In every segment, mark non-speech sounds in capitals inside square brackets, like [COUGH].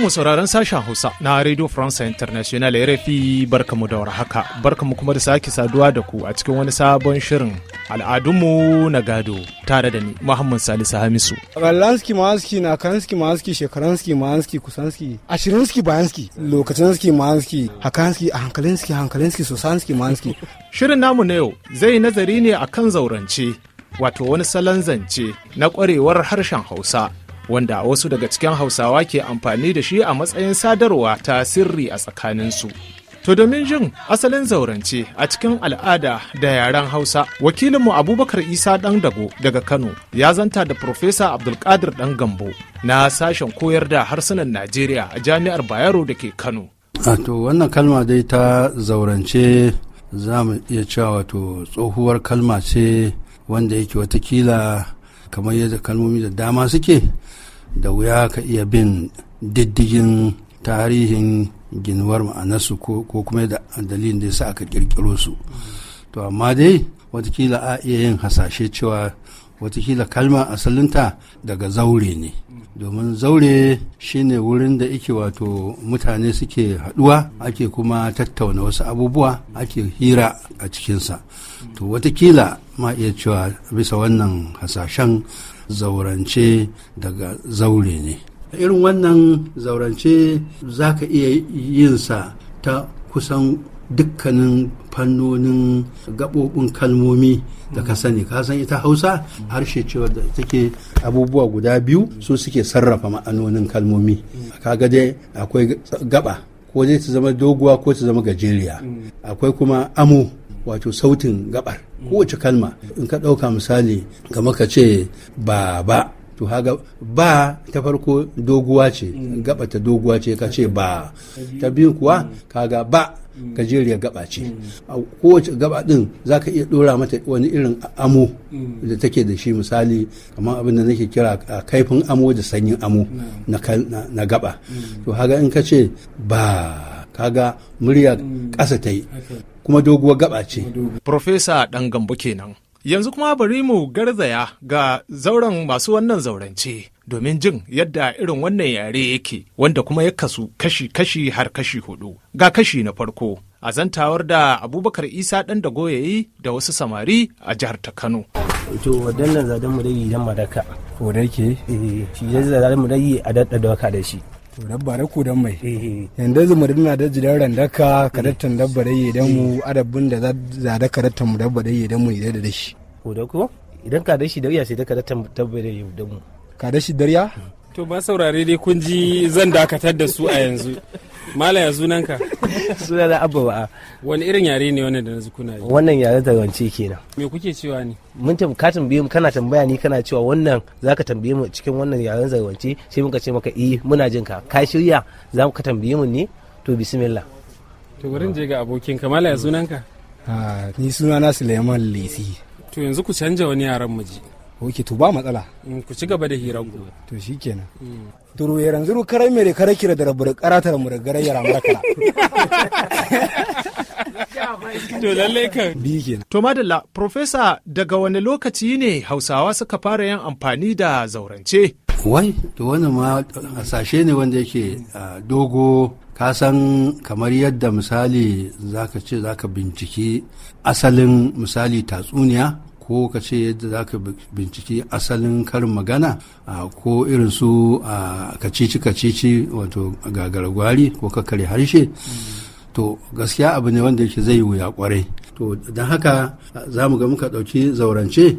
mu sauraron sashen Hausa na Radio France International RFI barkamu da warhaka. Barkamu kuma da sake saduwa da ku a cikin wani sabon shirin al'adunmu na gado tare da ni Muhammad Salisu Hamisu. Galanski Maski na Kanski Maski Shekaranski Maski Kusanski Ashirinski Bayanski Lokacinski Maski Hakanski a Hankalinski Hankalinski Sosanski Mahanski. [LAUGHS] Shirin namu na yau zai nazari ne akan zaurance wato wani salon zance na kwarewar harshen Hausa wanda wasu daga cikin hausawa ke amfani da shi a matsayin sadarwa ta sirri a tsakaninsu. To domin jin asalin zaurance a cikin al'ada da yaren Hausa, wakilinmu Abubakar Isa ɗan dago daga Kano ya zanta da Profesa Abdulkadir ɗan Gambo na sashen koyar da harsunan Najeriya a Jami'ar Bayero da ke Kano. To wannan kalma dai ta zaurance za mu iya cewa wato tsohuwar kalma ce wanda yake watakila kamar yadda kalmomi da dama suke da wuya ka iya bin diddigin tarihin ginuwar ma'anarsu ko kuma da dalilin da ya sa aka kirkiro su to amma dai watakila a iya yin hasashe cewa watakila kalma asalinta daga zaure ne domin zaure shine wurin da ike wato mutane suke haɗuwa ake kuma tattauna wasu abubuwa ake hira a cikinsa to watakila ma iya cewa bisa wannan hasashen zaurance daga zaure ne irin wannan zaurance za ka iya yinsa ta kusan dukkanin fannonin gaɓoɓin kalmomi da ka sani ka san ita hausa harshe cewa da take abubuwa guda biyu su suke sarrafa ma'anonin kalmomi ka dai akwai gaba ko dai ta zama doguwa ko ta zama gajeriya akwai kuma amo wato sautin gabar kowace kalma in ka ɗauka misali kama ka ce ba ba to haga ba ta farko doguwa ce gaba ta doguwa ce ka ce ba ta biyu kuwa kaga ba gajeriyar gaba ce a kowace gaba din za ka iya dora mata wani irin amo da take da shi misali kamar abinda da nake kira kaifin amo da sanyin amo na gaba to haga in ka ce ba kaga murya ƙasa ta yi kuma doguwar gaba ce. Profesa ɗan gambo kenan. Yanzu kuma bari mu garzaya ga zauren masu wannan zaurance domin jin yadda irin wannan yare yake wanda kuma ya kasu kashi-kashi har kashi hudu. Ga kashi na farko, a zantawar da Abubakar Isa ɗan da goyayi da wasu samari a jihar ta Kano. to wadannan zadan mu dai idan madaka ko da yake eh, shi zai zadan mu dai a dadda waka da shi dabba da ku dan mai eh, eh. yanda zuma dinna da jidan randaka eh. kadattan dabba da yi dan mu adabin da za da kadattan mu dabba da yi dan mu da da shi ko da ko idan ka da shi da sai da kadattan dabba da yi dan mu ka da shi darya hmm. to ba saurare dai kun ji zan dakatar da su a yanzu Malaya sunanka? Suna da abba ba'a. Wani irin yare ne wannan da na kuna yi? Wannan yare da wance kenan. Me kuke cewa ne? Mun ka tambaye mu kana tambaya ni kana cewa wannan zaka tambaye mu cikin wannan yaren zarwance sai muka ce maka eh muna jin ka ka shirya za ka tambaye mu ne to bismillah. To gurin je ga abokin ka Malaya sunanka? Ah ni sunana Suleiman Lisi To yanzu ku canja wani yaran mu ji. ok to ba matsala mm, ku ci gaba da hirar ku to shikenan mm. turu yaran zuru karai mere kare kira da rabu karata mu da garai yara marakara to lalle kan bi kenan to madalla profesa daga wani lokaci ne hausawa suka fara yin amfani da zaurance wai to wannan ma hasashe ne wanda yake dogo ka san kamar yadda misali zaka ce zaka binciki asalin misali tatsuniya ko ka ce yadda za ka binciki asalin karin magana ko irin su a kacici kacici wato gagara gwari ko kakare harshe to gaskiya abu ne wanda yake zai wuya kwarai to don haka za mu ga muka ɗauki zaurance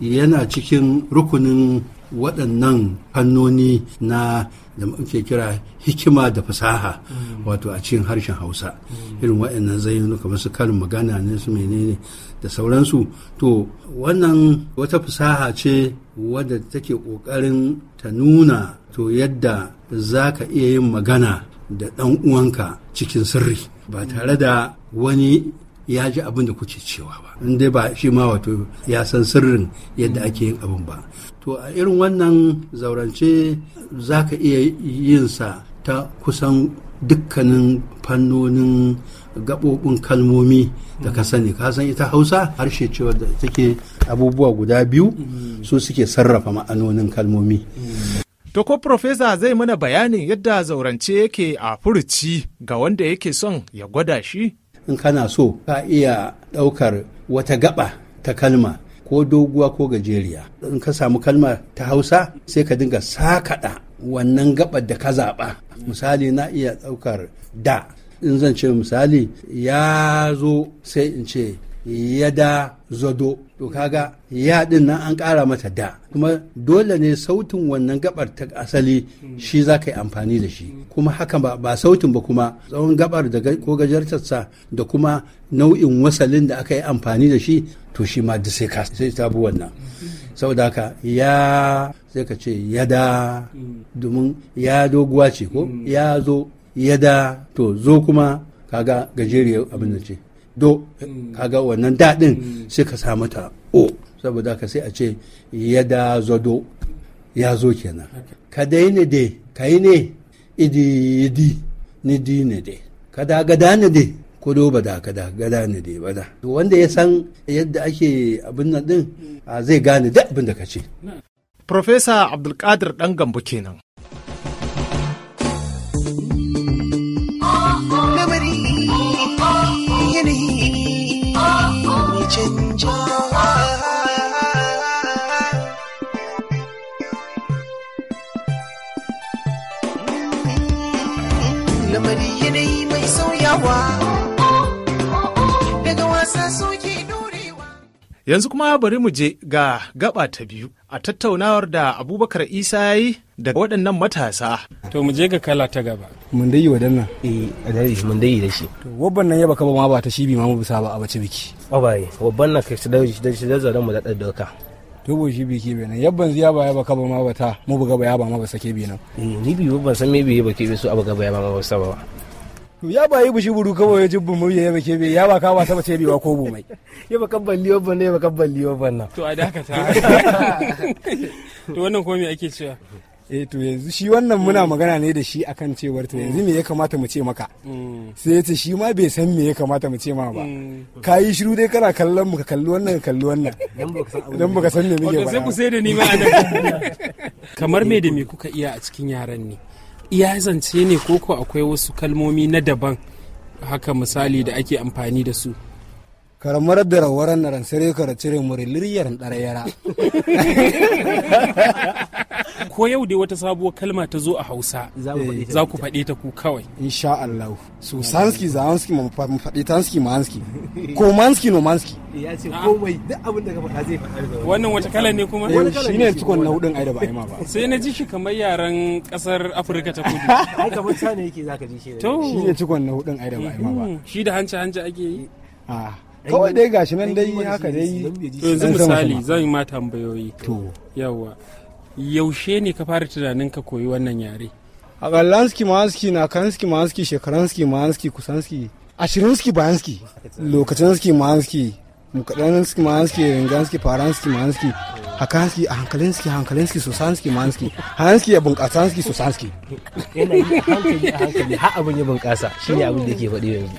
yana cikin rukunin waɗannan fannoni na da muke kira hikima da fasaha mm. wato a cikin harshen hausa mm. irin waɗannan zainu kamar su karin magana ne su menene da sauransu to wannan wata fasaha ce wadda take ƙoƙarin ta nuna to yadda za ka iya yin magana da ɗan uwanka cikin sirri ba tare da wani ya ji abin da kuke cewa ba in dai ba shi ma wato ya san sirrin yadda ake yin abin ba to a irin wannan zaurance za ka iya yin sa ta kusan dukkanin fannonin gaɓoɓin kalmomi da ka sani ka san ita hausa harshe cewa da take abubuwa guda biyu su suke sarrafa ma'anonin kalmomi To ko Profesa zai mana bayanin yadda zaurance yake a furuci ga wanda yake son ya gwada shi? in kana so ka iya ɗaukar wata gaba ta kalma ko doguwa ko gajeriya in ka samu kalma ta hausa sai ka dinga sakaɗa wannan gaɓar da ka zaɓa misali na iya ɗaukar da in zan ce misali ya zo sai in ce yada zado to kaga ya din nan an ƙara mata da kuma dole ne sautin wannan gabar ta asali shi za ka yi amfani da shi kuma haka ba, ba sautin ba kuma tsawon gabar da ko gajartarsa da kuma nau'in wasalin da aka yi amfani da shi to shi ma da sai ka sai ta bi wannan saboda haka ya sai ka ce yada domin ya doguwa ce ko mm. ya zo yada to zo kuma kaga gajeriyar abin da ce do mm. ga wannan daɗin mm. sai ka sa mata o saboda ka sai a ce ya da zado ya zo kenan ka dai ne dai ka yi ne idi idi ni di ne dai ka da gada ne dai ko do ba da ka da gada ne dai ba da wanda ya san yadda ake abin nan din mm. zai gane duk abin da ka ce Profesa Abdulkadir ɗan gambo kenan. Yanzu kuma bari mu je ga gaba ta biyu a tattaunawar da Abubakar Isa ya yi da waɗannan matasa. To mu je ga kala ta gaba. Mun dai yi waɗannan. Eh, a dare shi mun dai yi da shi. To wabban nan yaba kaba ma ba ta shi bi ma mu bisa ba a bace biki. bai wabban nan kai shi da shi da shi da zaran mu da dauka. To bo shi biki bai nan yabban ziya ba yaba kaba ma ba ta mu buga ba yaba ma ba sake bi nan. Eh, ni bi wabban san me bi ba ke su abu gaba yaba ma ba saba ba. to ya ba yi bushi buru kawai ya jibbin mu ya bake be ya ba kawo wasa bace biwa ko bumai ya ba kabban liyo ban ya ba kabban liyo ban nan to a dakata [LAUGHS] to wannan komai me ake cewa eh to yanzu shi wannan muna mm. magana ne da shi akan cewar to yanzu me ya kamata mu ce maka mm. sai ya ce shi ma bai san me ya kamata mu ce ma ba mm. ka yi shiru dai kana kallon mu ka kalli wannan ka kalli wannan dan baka san me muke ba sai ku sai da ni ma [LAUGHS] kamar me da me kuka iya a cikin yaran ne iya zance ne ko ko akwai wasu kalmomi na daban haka misali da ake amfani da su karamar da rawaran naran cire murilir yaran [LAUGHS] ko yau dai wata sabuwar kalma ta zo a hausa za ku faɗe ta ku kawai insha Allah so sanski zanski mu faɗe ma hanski. ko manski no manski ya ce ah. komai duk abin da ka faɗa zai faɗa wannan wata kala ne kuma eh, shi ne tukon na hudun ai da ba ma ba sai na ji shi kamar yaran kasar Afirka ta kudu [LAUGHS] ai kamar ta ne yake zaka ji shi shi ne tukon na hudun ai da ba ma ba mm-hmm. shi da hanci hanci ake yi a ah. kawai dai gashi nan dai haka dai yanzu misali zan yi ma tambayoyi to yawa yaushe ne ka fara tunanin ka koyi wannan yare a galanski mahanski na kanski mahanski shekaranski mahanski kusanski ashirinski bayanski lokacinski mahanski mukadanski mahanski ringanski faranski mahanski hakanski a hankalinski a hankalinski sosanski manski hanski ya bunkasanski sosanski yana yi hankali a hankali har abin ya bunkasa ne abin da ke faɗi yanzu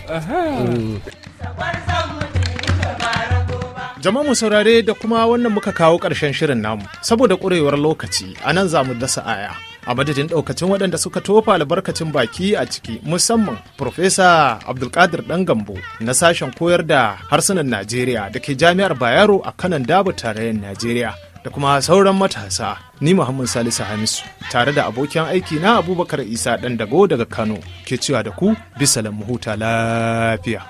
Jama mu saurare da kuma wannan muka kawo ƙarshen shirin namu, saboda ƙurewar lokaci a nan za mu dasa aya. A madadin ɗaukacin waɗanda suka tofa albarkacin baki a ciki musamman Profesa Abdulkadir Ɗan Gambo na sashen koyar da harsunan Najeriya da ke Jami'ar Bayero a kanan dabu tarayyar Najeriya. da kuma sauran matasa ni Muhammad Salisu Hamisu tare da abokin aiki na Abubakar Isa ɗan dago daga Kano ke cewa da ku bisa lamu huta lafiya.